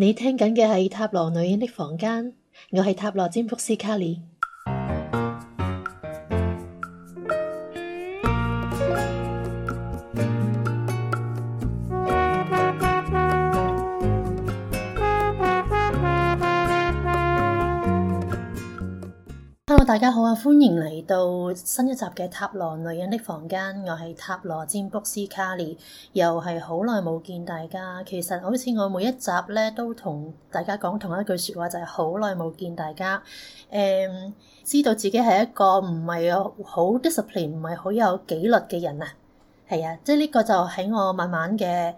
你聽緊嘅係《塔羅女人的房間》，我係塔羅占卜師卡莉。大家好啊！歡迎嚟到新一集嘅塔羅女人的房間，我係塔羅占卜師 CARLIE，又係好耐冇見大家。其實好似我每一集咧，都同大家講同一句說話，就係好耐冇見大家。誒、嗯，知道自己係一個唔係好 discipline，唔係好有紀律嘅人啊，係啊，即係呢個就喺我慢慢嘅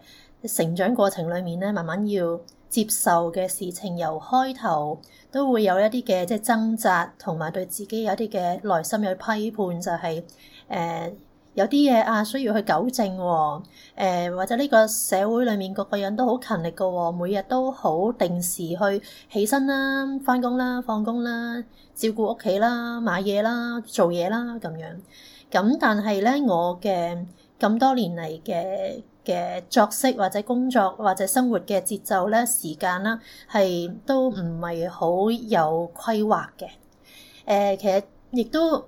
成長過程裏面咧，慢慢要。接受嘅事情由開頭都會有一啲嘅即係掙扎，同埋對自己有一啲嘅內心嘅批判，就係、是、誒、呃、有啲嘢啊需要去糾正喎、呃、或者呢個社會裏面個個人都好勤力㗎喎，每日都好定時去起身啦、返工啦、放工啦、照顧屋企啦、買嘢啦、做嘢啦咁樣。咁但係咧，我嘅咁多年嚟嘅，嘅作息或者工作或者生活嘅節奏咧時間啦，係都唔係好有規劃嘅。誒、呃，其實亦都。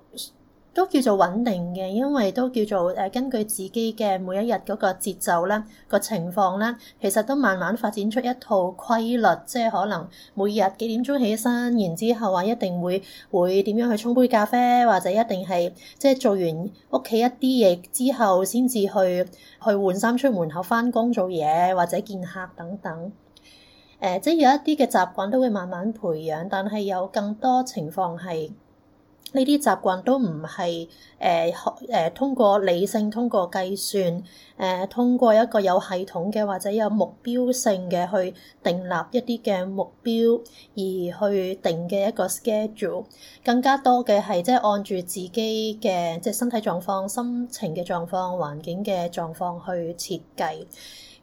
都叫做穩定嘅，因為都叫做誒、呃、根據自己嘅每一日嗰個節奏啦，個情況啦，其實都慢慢發展出一套規律，即係可能每日幾點鐘起身，然之後啊一定會會點樣去沖杯咖啡，或者一定係即係做完屋企一啲嘢之後，先至去去換衫出門口翻工做嘢，或者見客等等。誒、呃，即係有一啲嘅習慣都會慢慢培養，但係有更多情況係。呢啲習慣都唔係誒誒通過理性、通過計算、誒、呃、通過一個有系統嘅或者有目標性嘅去定立一啲嘅目標，而去定嘅一個 schedule，更加多嘅係即係按住自己嘅即係身體狀況、心情嘅狀況、環境嘅狀況去設計。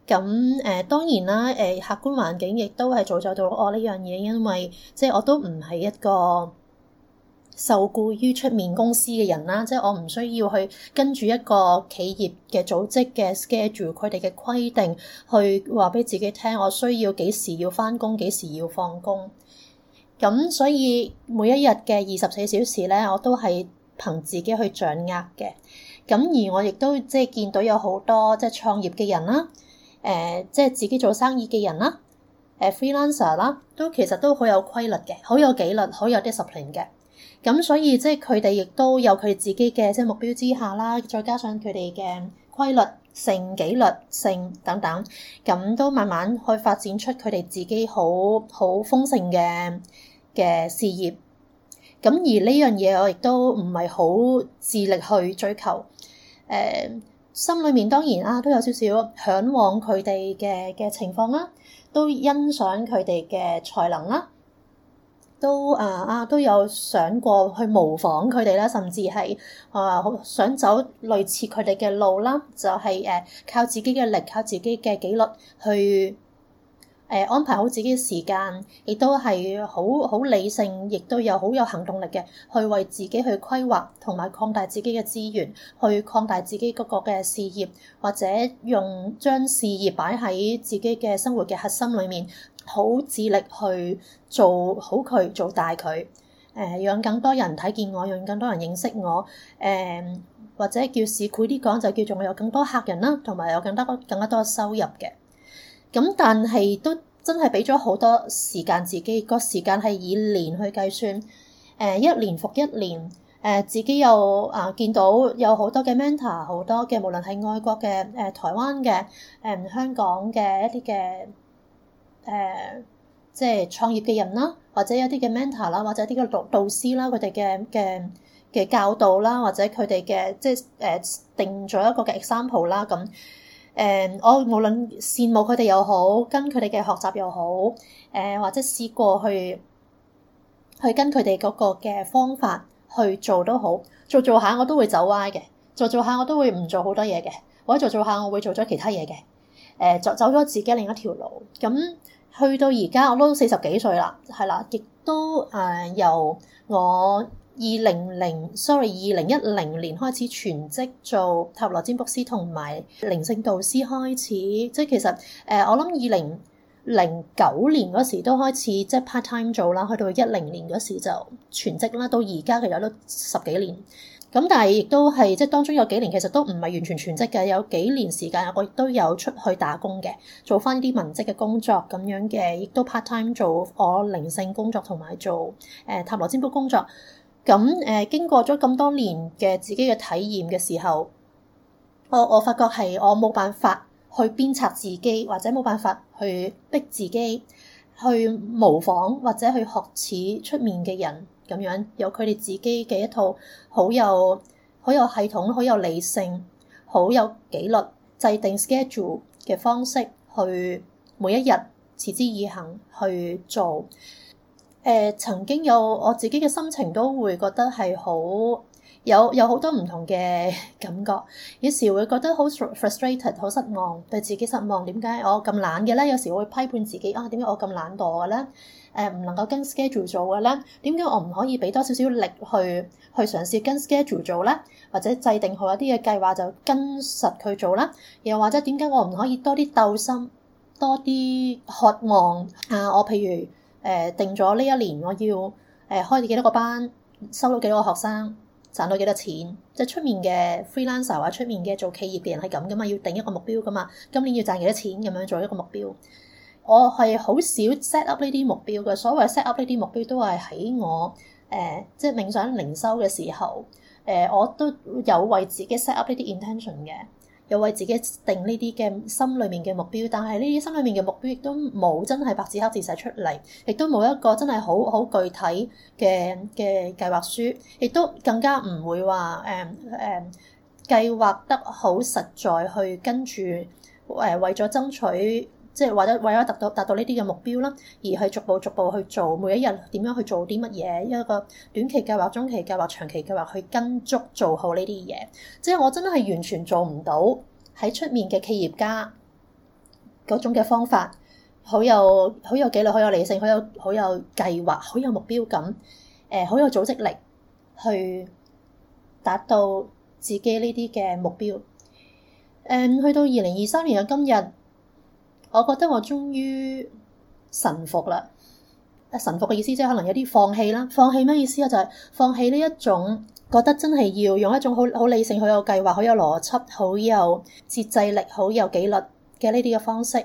咁誒、呃、當然啦，誒、呃、客觀環境亦都係造就到我呢樣嘢，因為即係我都唔係一個受雇於出面公司嘅人啦，即係我唔需要去跟住一個企業嘅組織嘅 schedule，佢哋嘅規定去話俾自己聽。我需要幾時要翻工，幾時要放工。咁所以每一日嘅二十四小時咧，我都係憑自己去掌握嘅。咁而我亦都即係見到有好多即係創業嘅人啦，誒，即係自己做生意嘅人啦，誒 freelancer 啦，都其實都好有規律嘅，好有紀律，好有 discipline 嘅。咁所以即係佢哋亦都有佢自己嘅即係目標之下啦，再加上佢哋嘅規律性、紀律性等等，咁都慢慢去發展出佢哋自己好好豐盛嘅嘅事業。咁而呢樣嘢我亦都唔係好致力去追求，誒、呃，心裏面當然啊都有少少向往佢哋嘅嘅情況啦，都欣賞佢哋嘅才能啦。都啊啊都有想過去模仿佢哋啦，甚至係啊想走類似佢哋嘅路啦，就係、是、誒靠自己嘅力，靠自己嘅紀律去，誒安排好自己嘅時間，亦都係好好理性，亦都有好有行動力嘅，去為自己去規劃同埋擴大自己嘅資源，去擴大自己嗰個嘅事業，或者用將事業擺喺自己嘅生活嘅核心裏面，好致力去做好佢做大佢。誒、呃，讓更多人睇見我，讓更多人認識我。誒、呃，或者叫市儈啲講就叫做我有更多客人啦，同埋有更多更加多嘅收入嘅。咁但係都真係俾咗好多時間自己，個時間係以年去計算。誒，一年復一年，誒自己又啊見到有好多嘅 mentor，好多嘅無論係外國嘅誒、呃、台灣嘅誒、呃、香港嘅一啲嘅誒，即係創業嘅人啦，或者有一啲嘅 mentor 啦，或者一啲嘅導導師啦，佢哋嘅嘅嘅教導啦，或者佢哋嘅即係誒、呃、定咗一個嘅 example 啦咁。誒、嗯，我無論羨慕佢哋又好，跟佢哋嘅學習又好，誒、呃、或者試過去去跟佢哋嗰個嘅方法去做都好，做做下我都會走歪嘅，做做下我都會唔做好多嘢嘅，或者做做下我會做咗其他嘢嘅，誒、呃、就走咗自己另一條路。咁、嗯、去到而家我都四十幾歲啦，係啦，亦都誒由我。二零零，sorry，二零一零年開始全職做塔羅占卜師，同埋靈性導師開始。即係其實誒、呃，我諗二零零九年嗰時都開始，即係 part time 做啦，去到一零年嗰時就全職啦。到而家其實都十幾年咁，但係亦都係即係當中有幾年其實都唔係完全全職嘅，有幾年時間我亦都有出去打工嘅，做翻啲文職嘅工作咁樣嘅，亦都 part time 做我靈性工作同埋做誒、呃、塔羅占卜工作。咁誒、呃，經過咗咁多年嘅自己嘅體驗嘅時候，我我發覺係我冇辦法去鞭策自己，或者冇辦法去逼自己去模仿或者去學似出面嘅人咁樣，有佢哋自己嘅一套好有好有系統、好有理性、好有紀律、制定 schedule 嘅方式去每一日持之以恒去做。呃、曾經有我自己嘅心情，都會覺得係好有有好多唔同嘅感覺。有時會覺得好 frustrated，好失望，對自己失望。點解我咁懶嘅咧？有時會批判自己啊，點解我咁懶惰嘅咧？誒、呃、唔能夠跟 schedule 做嘅咧？點解我唔可以俾多少少力去去嘗試跟 schedule 做咧？或者製定好一啲嘅計劃就跟實佢做啦。又或者點解我唔可以多啲鬥心、多啲渴望啊？我譬如。誒、呃、定咗呢一年，我要誒、呃、開幾多個班，收到幾多個學生，賺到幾多錢。即係出面嘅 freelancer 或者出面嘅做企業嘅人係咁噶嘛，要定一個目標噶嘛。今年要賺幾多錢咁樣做一個目標。我係好少 set up 呢啲目標嘅。所謂 set up 呢啲目標都係喺我誒、呃，即係冥想靈修嘅時候誒、呃，我都有為自己 set up 呢啲 intention 嘅。有為自己定呢啲嘅心裏面嘅目標，但係呢啲心裏面嘅目標亦都冇真係白紙黑字寫出嚟，亦都冇一個真係好好具體嘅嘅計劃書，亦都更加唔會話誒誒計劃得好實在去跟住誒、呃、為咗爭取。即係或者為咗達到達到呢啲嘅目標啦，而去逐步逐步去做每一日點樣去做啲乜嘢，一個短期計劃、中期計劃、長期計劃去跟足做好呢啲嘢。即係我真係完全做唔到喺出面嘅企業家嗰種嘅方法，好有好有紀律、好有理性、好有好有計劃、好有目標感誒，呃，好有組織力去達到自己呢啲嘅目標。誒、嗯，去到二零二三年嘅今日。我覺得我終於臣服啦！臣服嘅意思即係可能有啲放棄啦。放棄咩意思啊？就係放棄呢一種覺得真係要用一種好好理性、好有計劃、好有邏輯、好有節制力、好有紀律嘅呢啲嘅方式，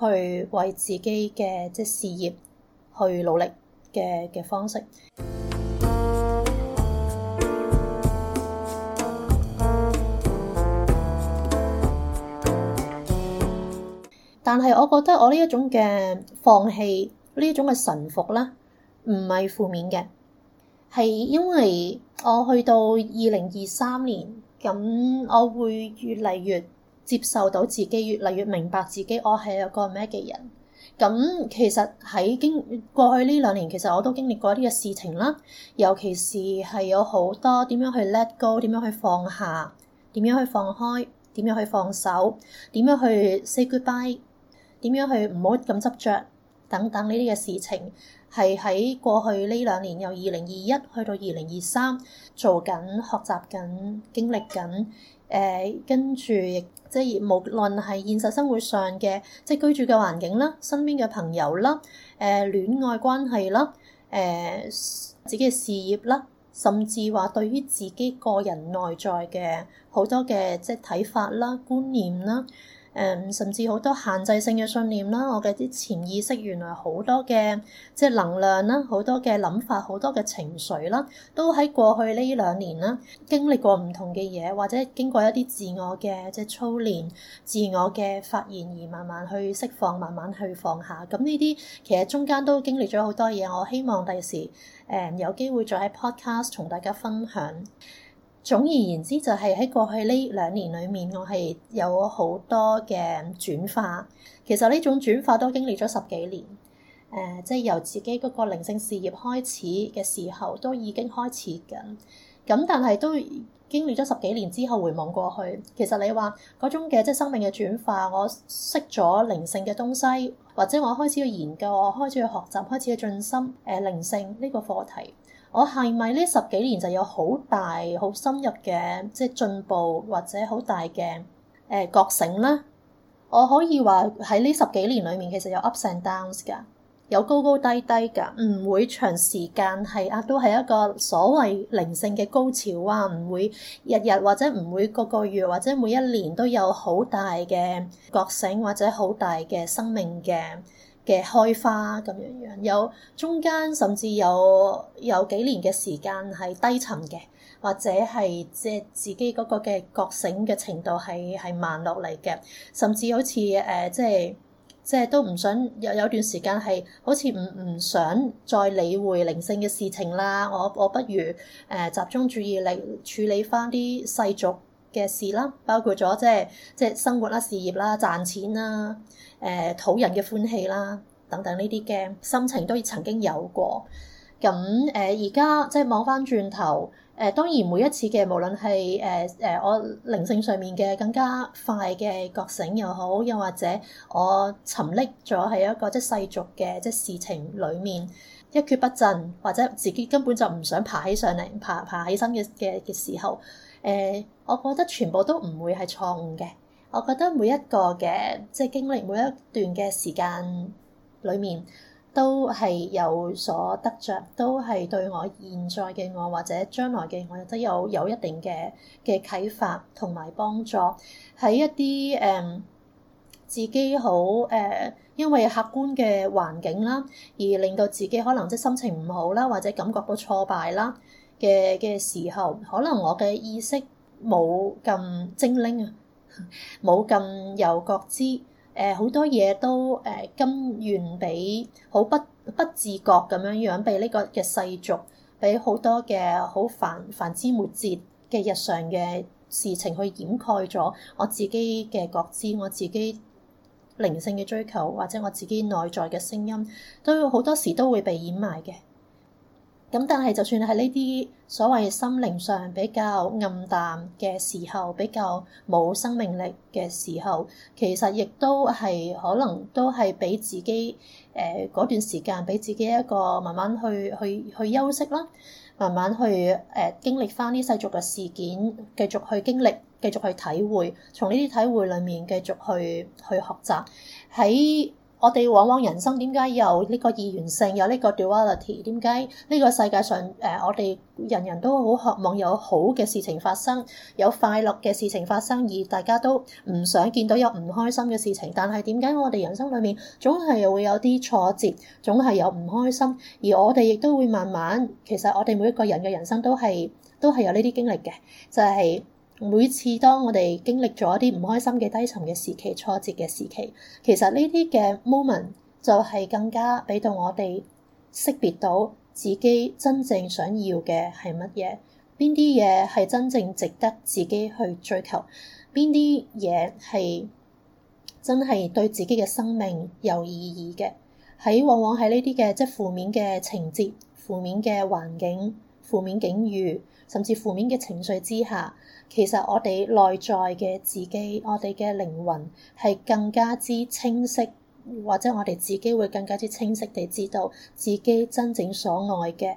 去為自己嘅即係事業去努力嘅嘅方式。但係，我覺得我呢一種嘅放棄呢一種嘅臣服咧，唔係負面嘅，係因為我去到二零二三年，咁我會越嚟越接受到自己，越嚟越明白自己，我係一個咩嘅人。咁其實喺經過去呢兩年，其實我都經歷過一啲嘅事情啦，尤其是係有好多點樣去 let go，點樣去放下，點樣去放開，點樣去放手，點樣去 say goodbye。點樣去唔好咁執着？等等呢啲嘅事情，係喺過去呢兩年由二零二一去到二零二三做緊、學習緊、經歷緊。誒、呃，跟住即係無論係現實生活上嘅，即係居住嘅環境啦、身邊嘅朋友啦、誒、呃、戀愛關係啦、誒、呃、自己嘅事業啦，甚至話對於自己個人內在嘅好多嘅即係睇法啦、觀念啦。誒，甚至好多限制性嘅信念啦，我嘅啲潛意識原來好多嘅即係能量啦，好多嘅諗法，好多嘅情緒啦，都喺過去呢兩年啦經歷過唔同嘅嘢，或者經過一啲自我嘅即係操練、自我嘅發言而慢慢去釋放、慢慢去放下。咁呢啲其實中間都經歷咗好多嘢，我希望第時誒、有機會再喺 podcast 同大家分享。總而言之，就係、是、喺過去呢兩年裏面，我係有好多嘅轉化。其實呢種轉化都經歷咗十幾年。誒、呃，即係由自己嗰個靈性事業開始嘅時候，都已經開始緊。咁但係都經歷咗十幾年之後，回望過去，其實你話嗰種嘅即係生命嘅轉化，我識咗靈性嘅東西，或者我開始要研究，我開始要學習，開始去進心誒、呃、靈性呢個課題。我係咪呢十幾年就有好大、好深入嘅即係進步，或者好大嘅誒、呃、覺醒咧？我可以話喺呢十幾年裏面其實有 ups and downs 㗎，有高高低低㗎，唔會長時間係都係一個所謂靈性嘅高潮啊，唔會日日或者唔會個個月或者每一年都有好大嘅覺醒或者好大嘅生命嘅。嘅開花咁樣樣，有中間甚至有有幾年嘅時間係低沉嘅，或者係即係自己嗰個嘅覺醒嘅程度係係慢落嚟嘅，甚至好似誒、呃、即係即係都唔想有有段時間係好似唔唔想再理會靈性嘅事情啦，我我不如誒、呃、集中注意力處理返啲世俗嘅事啦，包括咗即係即係生活啦、事業啦、賺錢啦、誒、呃、討人嘅歡喜啦等等呢啲嘅心情，都曾經有過。咁誒而家即係望翻轉頭誒、呃，當然每一次嘅無論係誒誒我靈性上面嘅更加快嘅覺醒又好，又或者我沉溺咗喺一個即係世俗嘅即係事情裡面一蹶不振，或者自己根本就唔想爬起上嚟，爬爬起身嘅嘅嘅時候。誒、呃，我覺得全部都唔會係錯誤嘅。我覺得每一個嘅即係經歷每一段嘅時間裏面，都係有所得着，都係對我現在嘅我或者將來嘅我，亦都有有一定嘅嘅啟發同埋幫助。喺一啲誒、呃、自己好誒、呃，因為客觀嘅環境啦，而令到自己可能即係心情唔好啦，或者感覺到挫敗啦。嘅嘅時候，可能我嘅意識冇咁精靈啊，冇咁有覺知。誒、呃，好多嘢都誒、呃，甘願俾好不不自覺咁樣樣，俾呢個嘅世俗，俾好多嘅好繁繁枝末節嘅日常嘅事情去掩蓋咗我自己嘅覺知，我自己靈性嘅追求，或者我自己內在嘅聲音，都好多時都會被掩埋嘅。咁但係就算係呢啲所謂心靈上比較暗淡嘅時候，比較冇生命力嘅時候，其實亦都係可能都係俾自己誒、呃、嗰段時間，俾自己一個慢慢去去去休息啦，慢慢去誒、呃、經歷翻啲世俗嘅事件，繼續去經歷，繼續去體會，從呢啲體會裏面繼續去去學習喺。我哋往往人生點解有呢個二元性，有呢個 duality？點解呢個世界上誒、呃、我哋人人都好渴望有好嘅事情發生，有快樂嘅事情發生，而大家都唔想見到有唔開心嘅事情。但係點解我哋人生裏面總係會有啲挫折，總係有唔開心，而我哋亦都會慢慢其實我哋每一個人嘅人生都係都係有呢啲經歷嘅，就係、是。每次當我哋經歷咗一啲唔開心嘅低沉嘅時期、挫折嘅時期，其實呢啲嘅 moment 就係更加俾到我哋識別到自己真正想要嘅係乜嘢，邊啲嘢係真正值得自己去追求，邊啲嘢係真係對自己嘅生命有意義嘅。喺往往喺呢啲嘅即係負面嘅情節、負面嘅環境，負面境遇，甚至負面嘅情緒之下，其實我哋內在嘅自己，我哋嘅靈魂係更加之清晰，或者我哋自己會更加之清晰地知道自己真正所愛嘅，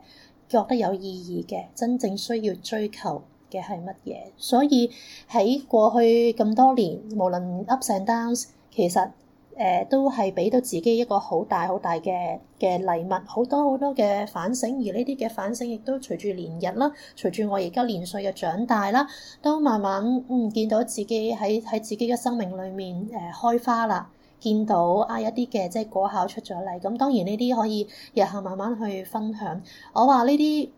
覺得有意義嘅，真正需要追求嘅係乜嘢。所以喺過去咁多年，無論 ups and downs，其實。誒都係俾到自己一個好大好大嘅嘅禮物，好多好多嘅反省。而呢啲嘅反省隨，亦都隨住年日啦，隨住我而家年歲嘅長大啦，都慢慢嗯見到自己喺喺自己嘅生命裏面誒、呃、開花啦，見到啊一啲嘅即係果效出咗嚟。咁當然呢啲可以日後慢慢去分享。我話呢啲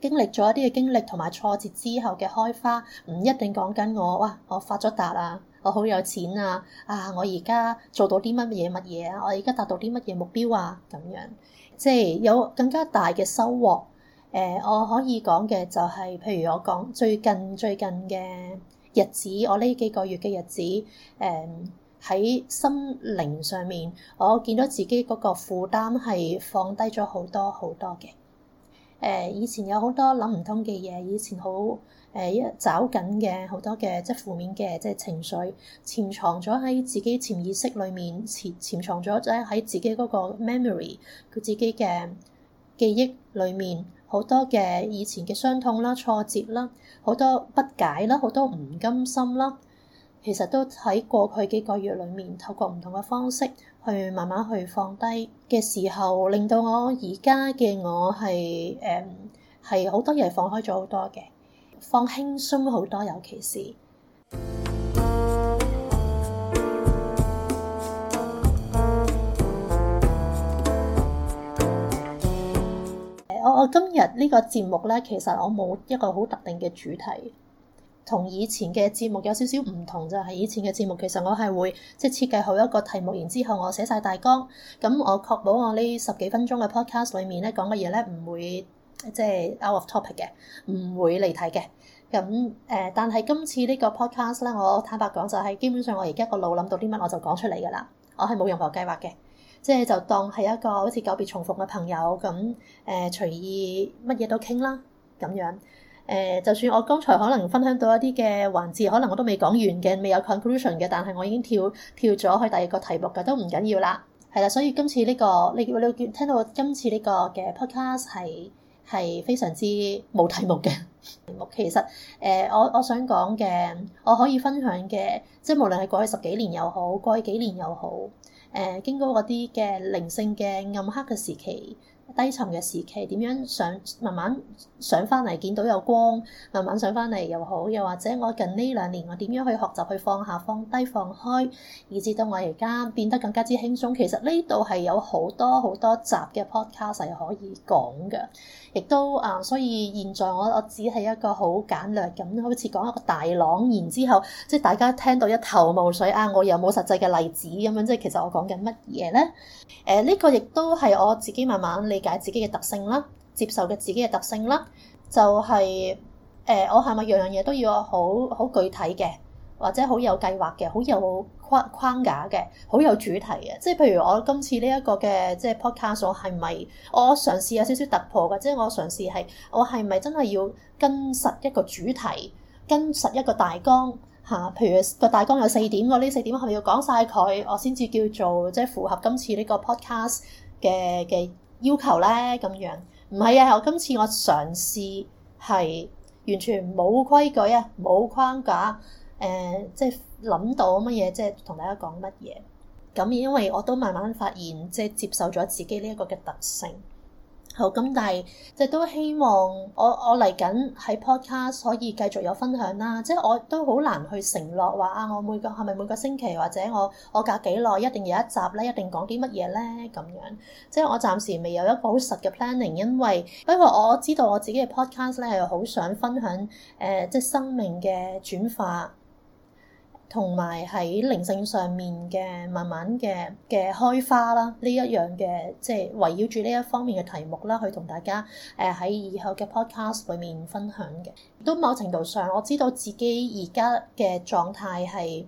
經歷咗一啲嘅經歷同埋挫折之後嘅開花，唔一定講緊我哇，我發咗達啦！我好有錢啊！啊，我而家做到啲乜嘢乜嘢啊！我而家達到啲乜嘢目標啊？咁樣即係有更加大嘅收穫。誒，我可以講嘅就係，譬如我講最近最近嘅日子，我呢幾個月嘅日子，誒，喺心靈上面，我見到自己嗰個負擔係放低咗好多好多嘅。誒，以前有好多諗唔通嘅嘢，以前好。誒，一找緊嘅好多嘅即係負面嘅即係情緒，潛藏咗喺自己潛意識裏面，潛潛藏咗喺自己嗰個 memory，佢自己嘅記憶裏面，好多嘅以前嘅傷痛啦、挫折啦，好多不解啦、好多唔甘心啦。其實都喺過去幾個月裏面，透過唔同嘅方式去慢慢去放低嘅時候，令到我而家嘅我係誒係好多嘢放開咗好多嘅。放輕鬆好多，尤其是 我我今日呢個節目呢。其實我冇一個好特定嘅主題，同以前嘅節目有少少唔同就係以前嘅節目，其實我係會即係設計好一個題目，然之後我寫晒大綱。咁我確保我呢十幾分鐘嘅 podcast 裏面咧講嘅嘢呢，唔會。即係 out of topic 嘅，唔會嚟睇嘅。咁誒、呃，但係今次個呢個 podcast 咧，我坦白講就係基本上我而家個腦諗到啲乜我就講出嚟㗎啦。我係冇任何計劃嘅，即係就當係一個好似久別重逢嘅朋友咁誒，隨、呃、意乜嘢都傾啦咁樣誒、呃。就算我剛才可能分享到一啲嘅環節，可能我都未講完嘅，未有 conclusion 嘅，但係我已經跳跳咗去第二個題目嘅，都唔緊要啦。係啦，所以今次呢、這個你你聽到今次呢個嘅 podcast 係。係非常之冇題目嘅題目。其實，誒、呃，我我想講嘅，我可以分享嘅，即係無論係過去十幾年又好，過去幾年又好，誒、呃，經過嗰啲嘅靈性嘅暗黑嘅時期。低沉嘅時期點樣上，慢慢上翻嚟見到有光，慢慢上翻嚟又好，又或者我近呢兩年我點樣去學習去放下放低放，放開，以至到我而家變得更加之輕鬆，其實呢度係有好多好多集嘅 podcast 係可以講嘅，亦都啊，所以現在我我只係一個好簡略咁，好似講一個大浪，然之後即係大家聽到一頭霧水啊，我又冇實際嘅例子咁樣，即係其實我講緊乜嘢咧？誒、啊、呢、呢個亦都係我自己慢慢你解自己嘅特性啦，接受嘅自己嘅特性啦，就係、是、誒、呃，我係咪樣樣嘢都要好好具體嘅，或者好有計劃嘅，好有框框架嘅，好有主題嘅？即係譬如我今次呢一個嘅即係 podcast，係咪我嘗試有少少突破嘅？即係我嘗試係我係咪真係要跟實一個主題，跟實一個大綱吓、啊？譬如個大綱有四點，我呢四點係咪要講晒佢，我先至叫做即係符合今次呢個 podcast 嘅嘅？要求咧，咁樣，唔係啊！我今次我嘗試係完全冇規矩啊，冇框架誒、呃，即係諗到乜嘢即係同大家講乜嘢咁，因為我都慢慢發現即係接受咗自己呢一個嘅特性。好咁，但係即係都希望我我嚟緊喺 podcast 可以繼續有分享啦。即係我都好難去承諾話啊，我每個係咪每個星期或者我我隔幾耐一定有一集咧，一定講啲乜嘢咧咁樣。即係我暫時未有一個好實嘅 planning，因為不過我知道我自己嘅 podcast 咧係好想分享誒、呃，即係生命嘅轉化。同埋喺靈性上面嘅慢慢嘅嘅開花啦，呢一樣嘅即係圍繞住呢一方面嘅題目啦，去同大家誒喺以後嘅 podcast 裏面分享嘅。都某程度上，我知道自己而家嘅狀態係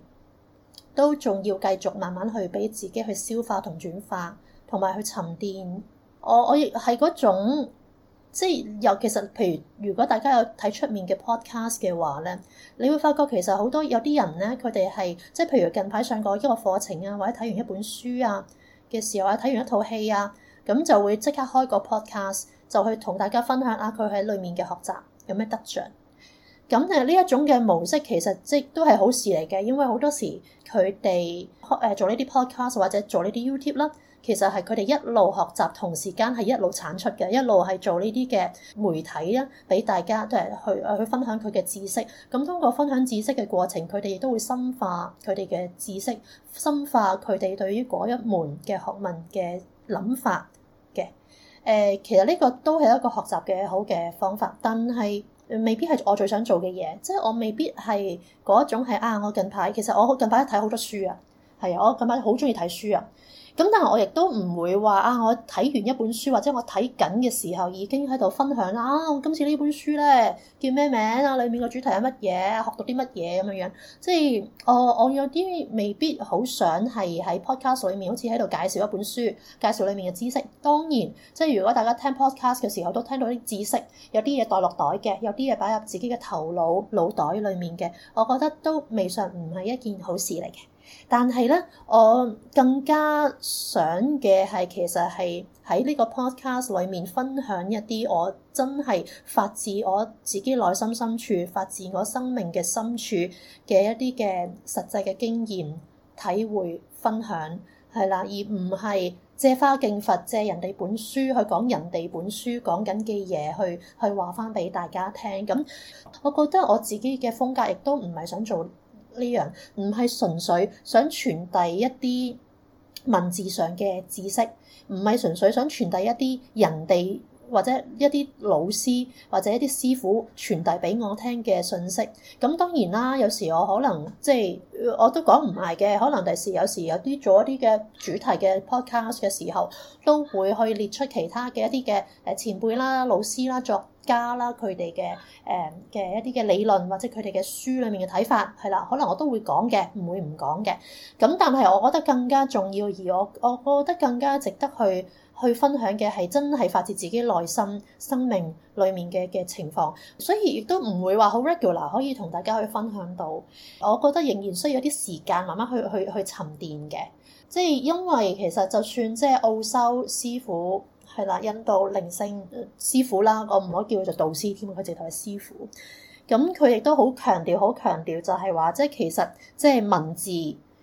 都仲要繼續慢慢去俾自己去消化同轉化，同埋去沉澱。我我亦係嗰種。即係尤其係，譬如如果大家有睇出面嘅 podcast 嘅話咧，你會發覺其實好多有啲人咧，佢哋係即係譬如近排上過一個課程啊，或者睇完一本書啊嘅時候或者啊，睇完一套戲啊，咁就會即刻開個 podcast，就去同大家分享下佢喺裡面嘅學習有咩得着。咁誒呢一種嘅模式其實即都係好事嚟嘅，因為好多時佢哋誒做呢啲 podcast 或者做呢啲 YouTube 啦，其實係佢哋一路學習同時間係一路產出嘅，一路係做呢啲嘅媒體啦，俾大家都係去去分享佢嘅知識。咁通過分享知識嘅過程，佢哋亦都會深化佢哋嘅知識，深化佢哋對於嗰一門嘅學問嘅諗法嘅。誒，呃，其實呢個都係一個學習嘅好嘅方法，但係，未必係我最想做嘅嘢，即係我未必係嗰一種。係啊，我近排其實我近排睇好多書啊，係啊，我近排好鍾意睇書啊。咁但係我亦都唔會話啊，我睇完一本書或者我睇緊嘅時候已經喺度分享啦啊，今次呢本書咧叫咩名啊？裡面個主題係乜嘢？學到啲乜嘢咁樣樣？即係我、哦、我有啲未必好想係喺 podcast 裏面，好似喺度介紹一本書，介紹裡面嘅知識。當然，即係如果大家聽 podcast 嘅時候都聽到啲知識，有啲嘢袋落袋嘅，有啲嘢擺入自己嘅頭腦腦袋裏面嘅，我覺得都未嘗唔係一件好事嚟嘅。但係咧，我更加想嘅係，其實係喺呢個 Podcast 裏面分享一啲我真係發自我自己內心深處，發自我生命嘅深處嘅一啲嘅實際嘅經驗體會分享，係啦，而唔係借花敬佛，借人哋本書去講人哋本書講緊嘅嘢，去去話翻俾大家聽。咁，我覺得我自己嘅風格亦都唔係想做。呢樣唔係純粹想傳遞一啲文字上嘅知識，唔係純粹想傳遞一啲人哋，或者一啲老師，或者一啲師傅傳遞俾我聽嘅信息，咁當然啦，有時我可能即係、就是、我都講唔埋嘅，可能第時有時有啲做一啲嘅主題嘅 podcast 嘅時候，都會去列出其他嘅一啲嘅誒前輩啦、老師啦、作家啦，佢哋嘅誒嘅一啲嘅理論或者佢哋嘅書裡面嘅睇法係啦，可能我都會講嘅，唔會唔講嘅。咁但係我覺得更加重要，而我我覺得更加值得去。去分享嘅係真係發自自己內心生命裏面嘅嘅情況，所以亦都唔會話好 regular 可以同大家去分享到。我覺得仍然需要一啲時間慢慢去去去沉澱嘅，即係因為其實就算即係澳洲師傅係啦，印度靈性、呃、師傅啦，我唔可以叫佢做導師添，佢直頭係師傅。咁佢亦都好強調好強調就係話即係其實即係文字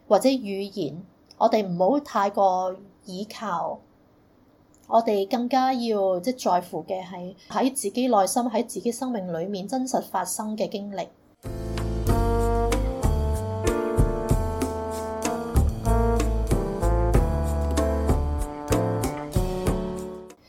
或者語言，我哋唔好太過倚靠。我哋更加要即在乎嘅係喺自己內心喺自己生命裏面真實發生嘅經歷。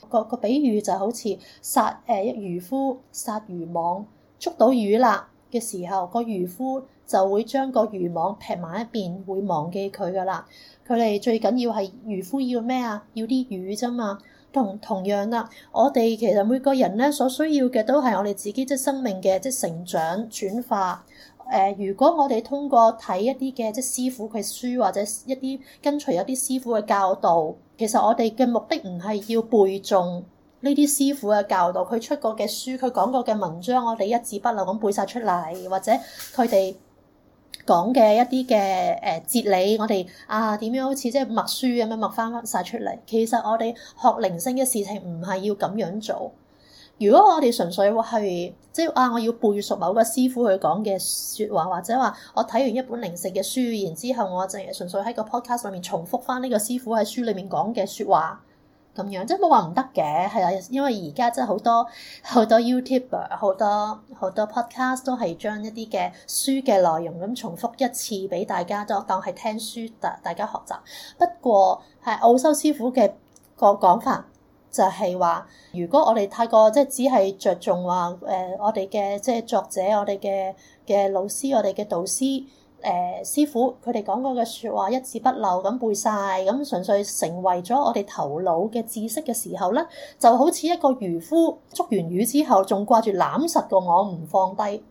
個個比喻就好似殺誒呃、漁夫殺漁網捉到魚啦嘅時候，個漁夫就會將個漁網劈埋一邊，會忘記佢噶啦。佢哋最緊要係漁夫要咩啊？要啲魚啫嘛。同同樣啦，我哋其實每個人咧所需要嘅都係我哋自己即係生命嘅即係成長轉化。誒、呃，如果我哋通過睇一啲嘅即係師傅佢書或者一啲跟隨一啲師傅嘅教導，其實我哋嘅目的唔係要背誦呢啲師傅嘅教導，佢出過嘅書，佢講過嘅文章，我哋一字不漏咁背晒出嚟，或者佢哋。講嘅一啲嘅誒哲理，我哋啊點樣好似即係默書咁樣默翻翻曬出嚟。其實我哋學靈性嘅事情唔係要咁樣做。如果我哋純粹係即係啊，我要背熟某個師傅佢講嘅説話，或者話我睇完一本靈性嘅書，然之後我淨係純粹喺個 podcast 裏面重複翻呢個師傅喺書裏面講嘅説話。咁樣即係冇話唔得嘅，係啊，因為而家即係好多好多 YouTuber、好多好多 podcast 都係將一啲嘅書嘅內容咁重複一次俾大家，都當當係聽書，大大家學習。不過係奧修師傅嘅個講法就係話，如果我哋太過即係只係着重話誒、呃，我哋嘅即係作者，我哋嘅嘅老師，我哋嘅導師。誒、呃、師傅佢哋講過嘅説話一字不漏咁、嗯、背晒，咁、嗯、純粹成為咗我哋頭腦嘅知識嘅時候咧，就好似一個漁夫捉完魚之後，仲掛住攬實個我唔放低。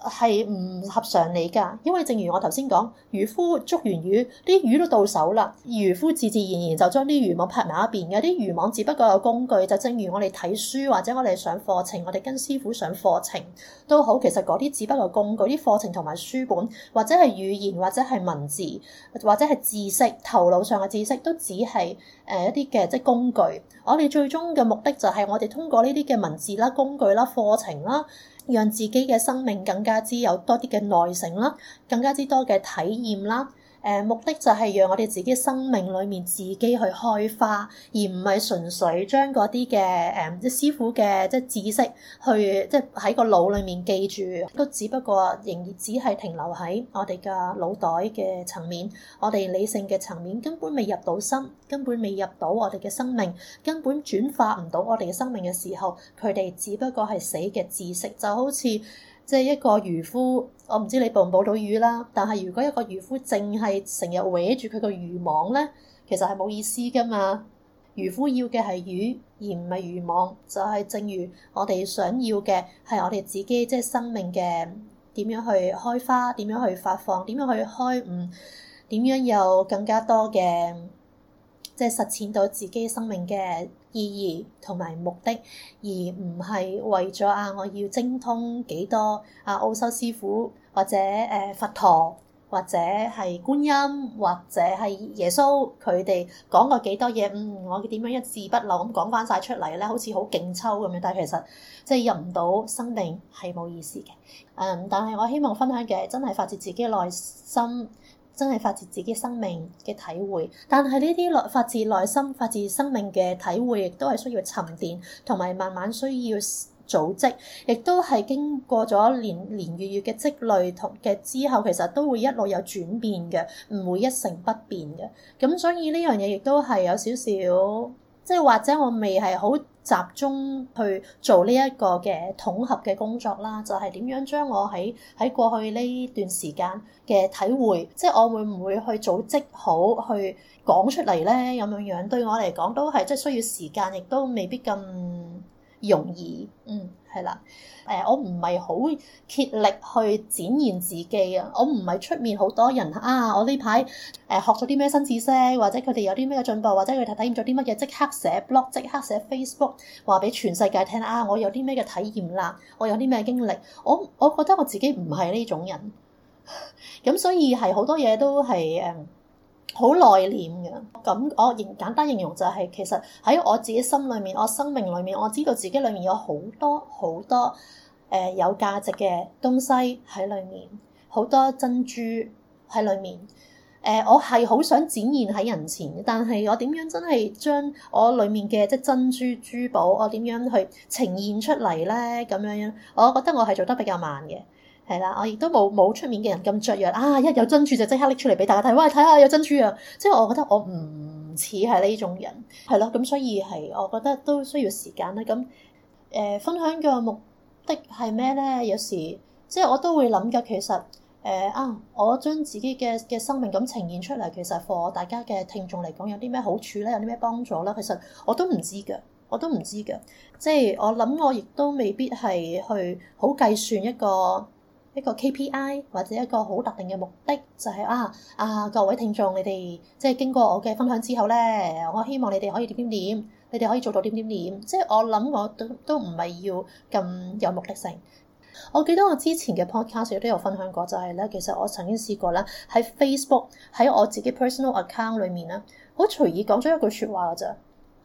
係唔合常理㗎，因為正如我頭先講，漁夫捉完魚，啲魚都到手啦，漁夫自自然然就將啲漁網拍埋一邊，有啲漁網只不過有工具，就正如我哋睇書或者我哋上課程，我哋跟師傅上課程都好，其實嗰啲只不過係工具，啲課程同埋書本或者係語言或者係文字或者係知識，頭腦上嘅知識都只係誒一啲嘅即係工具，我哋最終嘅目的就係我哋通過呢啲嘅文字啦、工具啦、課程啦。讓自己嘅生命更加之有多啲嘅耐性啦，更加之多嘅體驗啦。誒，目的就係讓我哋自己生命裏面自己去開花，而唔係純粹將嗰啲嘅誒即係師傅嘅即係知，知識去即係喺個腦裏面記住，都只不過仍然只係停留喺我哋嘅腦袋嘅層面，我哋理性嘅層面根本未入到心，根本未入到我哋嘅生命，根本轉化唔到我哋嘅生命嘅時候，佢哋只不過係死嘅知識，就好似。即係一個漁夫，我唔知你捕唔捕到魚啦。但係如果一個漁夫淨係成日圍住佢個漁網咧，其實係冇意思噶嘛。漁夫要嘅係魚，而唔係漁網。就係、是、正如我哋想要嘅係我哋自己，即係生命嘅點樣去開花，點樣去發放，點樣去開悟，點樣有更加多嘅即係實踐到自己生命嘅。意義同埋目的，而唔係為咗啊，我要精通幾多啊，奧修師傅或者誒、呃、佛陀或者係觀音或者係耶穌佢哋講過幾多嘢，嗯，我點樣一字不漏咁講翻晒出嚟咧，好似好勁抽咁樣，但係其實即係入唔到生命，係冇意思嘅。嗯，但係我希望分享嘅真係發自自己內心。真係發自自己生命嘅體會，但係呢啲內發自內心、發自生命嘅體會，亦都係需要沉澱，同埋慢慢需要組織，亦都係經過咗年年月月嘅積累同嘅之後，其實都會一路有轉變嘅，唔會一成不變嘅。咁所以呢樣嘢亦都係有少少，即係或者我未係好。集中去做呢一個嘅統合嘅工作啦，就係點樣將我喺喺過去呢段時間嘅體會，即係我會唔會去組織好去講出嚟咧？咁樣樣對我嚟講都係即係需要時間，亦都未必咁容易。嗯。係啦，誒，我唔係好竭力去展現自己啊！我唔係出面好多人啊！我呢排誒學咗啲咩新知識，或者佢哋有啲咩嘅進步，或者佢哋體驗咗啲乜嘢，即刻寫 blog，即刻寫 Facebook，話俾全世界聽啊！我有啲咩嘅體驗啦，我有啲咩經歷，我我覺得我自己唔係呢種人，咁所以係好多嘢都係誒。好內斂嘅，咁我形簡單形容就係、是，其實喺我自己心裏面，我生命裏面，我知道自己裏面有好多好多誒、呃、有價值嘅東西喺裏面，好多珍珠喺裏面。誒、呃，我係好想展現喺人前，但係我點樣真係將我裏面嘅即係珍珠珠寶，我點樣去呈現出嚟咧？咁樣，我覺得我係做得比較慢嘅。係啦，我亦都冇冇出面嘅人咁雀躍啊！一有珍珠就即刻拎出嚟俾大家睇，喂，睇下有珍珠啊！即係我覺得我唔似係呢種人，係咯，咁所以係我覺得都需要時間啦。咁誒、呃，分享嘅目的係咩咧？有時即係我都會諗噶，其實誒啊、呃，我將自己嘅嘅生命咁呈現出嚟。其實 for 大家嘅聽眾嚟講，有啲咩好處咧，有啲咩幫助咧？其實我都唔知噶，我都唔知噶。即係我諗，我亦都未必係去好計算一個一個 KPI 或者一個好特定嘅目的，就係啊啊，各位聽眾你哋即係經過我嘅分享之後咧，我希望你哋可以點點點，你哋可以做到點點點。即係我諗我都都唔係要咁有目的性。我記得我之前嘅 podcast 都有分享過，就係咧，其實我曾經試過喇，喺 Facebook 喺我自己 personal account 裡面咧，好隨意講咗一句説話噶啫，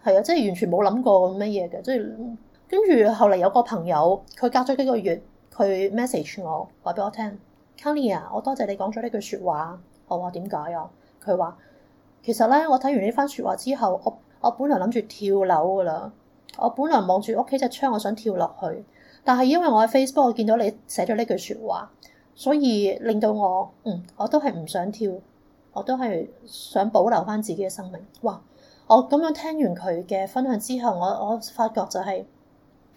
係啊，即係完全冇諗過乜嘢嘅，即係跟住後嚟有個朋友，佢隔咗幾個月。佢 message 我，話俾我聽 c a n l y 啊，我多謝，謝你講咗呢句説話。我話點解啊？佢話其實咧，我睇完呢番説話之後，我我本來諗住跳樓噶啦，我本來望住屋企隻窗，我想跳落去，但係因為我喺 Facebook 我見到你寫咗呢句説話，所以令到我嗯，我都係唔想跳，我都係想保留翻自己嘅生命。哇！我咁樣聽完佢嘅分享之後，我我發覺就係、是。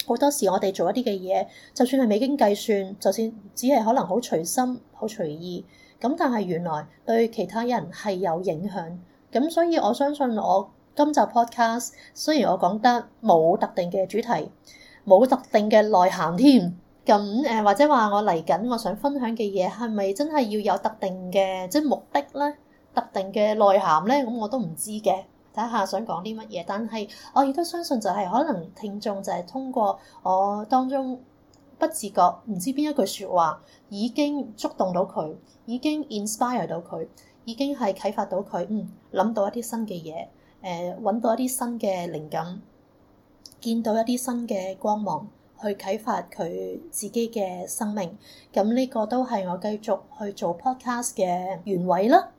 好多時我哋做一啲嘅嘢，就算係未經計算，就算只係可能好隨心、好隨意，咁但係原來對其他人係有影響。咁所以我相信我今集 podcast 雖然我講得冇特定嘅主題，冇特定嘅內涵添。咁誒、呃、或者話我嚟緊我想分享嘅嘢係咪真係要有特定嘅即係目的咧、特定嘅內涵咧？咁我都唔知嘅。睇下想講啲乜嘢，但係我亦都相信就係可能聽眾就係通過我當中不自覺唔知邊一句說話已經觸動到佢，已經 inspire 到佢，已經係啟發到佢，嗯，諗到一啲新嘅嘢，誒、呃、揾到一啲新嘅靈感，見到一啲新嘅光芒，去啟發佢自己嘅生命。咁呢個都係我繼續去做 podcast 嘅原委啦。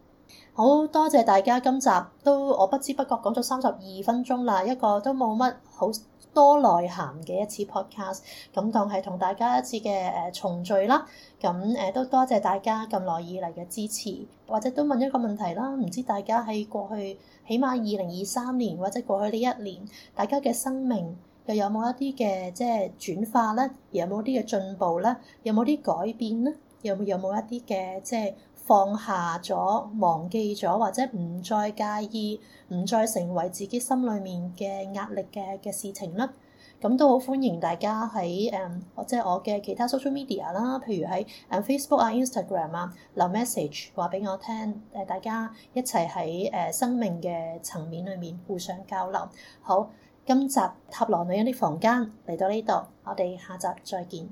好多謝大家今集都，我不知不覺講咗三十二分鐘啦，一個都冇乜好多內涵嘅一次 podcast，咁當係同大家一次嘅誒重聚啦。咁誒都多謝大家咁耐以嚟嘅支持，或者都問一個問題啦，唔知大家喺過去起碼二零二三年或者過去呢一年，大家嘅生命又有冇一啲嘅即係轉化咧？有冇啲嘅進步咧？有冇啲改變咧？有冇有冇一啲嘅即係？放下咗，忘記咗，或者唔再介意，唔再成為自己心裡面嘅壓力嘅嘅事情啦。咁都好歡迎大家喺誒，即係我嘅其他 social media 啦，譬如喺 Facebook 啊、Instagram 啊留 message 話俾我聽。誒，大家一齊喺誒生命嘅層面裡面互相交流。好，今集塔羅女人的房間嚟到呢度，我哋下集再見。